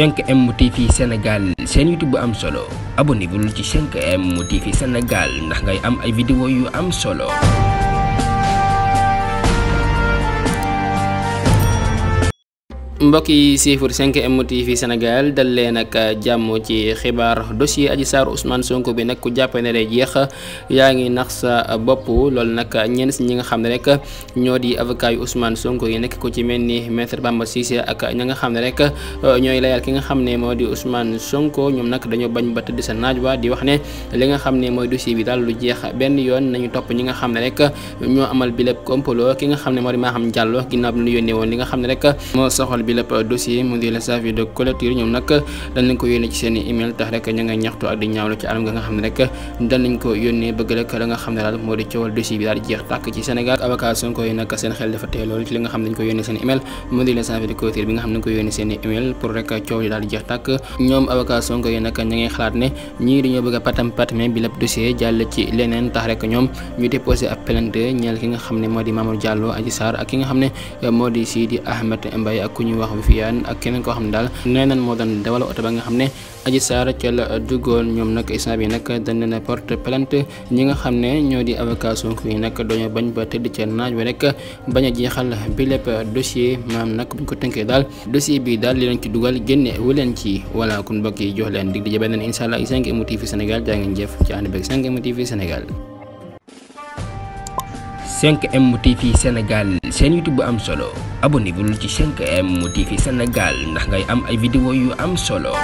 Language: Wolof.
5M TV Sénégal seen YouTube bu am solo abonné bul ci 5M TV Sénégal ndax ngay am ay vidéo yu am solo mbokk yi siifur 5M TV Sénégal dal leen ak jàmm ci xibaar dossier Adji Sarr Ousmane Sonko bi nag ku jàpp ne day jeex yaa ngi nax sa bopp loolu nag ñenn si ñi nga xam ne rek ñoo di avocat yu Ousmane yi nekk ku ci mel ni maître Bamba Cissé ak ñi nga xam ne rek euh, ñooy layal ki nga xam ne moo di Ousmane Sonko ñoom nag dañoo bañ ba tëdd sa naaj wa di wax ne li nga xam ne mooy dossier bi daal lu jeex benn yoon nañu topp ñi nga xam ne rek ñoo amal bi lépp ki nga xam ne moo di Maham Diallo ginnaaw bi ñu yónnee woon li nga xam ne rek moo soxal bi la di jeex tàkk ci Sénégal avocat Sonko yi seen xel dafa tee li nga xam ne dañ di le bëgg a patam patame bi lépp dossier jàll ci leneen tax rek ñoom ñu déposé ab plainte ñeel ki nga xam ne moo di Mamour Diallo Adji Sarr ak ki nga xam ne moo di Sidi Ahmed Mbaye ak ku ñu wax fi Viviane ak keneen koo xam ne daal nee nañ moo doon dawal oto ba nga xam ne Adji Sarr ca la duggoon ñoom nag instant bi nag dañ leen porte plainte ñi nga xam ne ñoo di avocat Sonko yi nag dañoo bañ ba tëdd ca naaj wi rek bañ a jeexal bi lépp dossier maam nag buñ ko tënkee daal dossier bi daal di leen ci dugal génne wu leen ci voilà kon mbokk yi jox leen dig di jëbal leen incha allah 5M TV Sénégal jaa ngeen jëf ci ànd beeg 5M TV Sénégal 5M TV senegal seen YouTube bu am solo abonnez-vous ci 5M TV Sénégal ndax ngay am ay vidéo yu am solo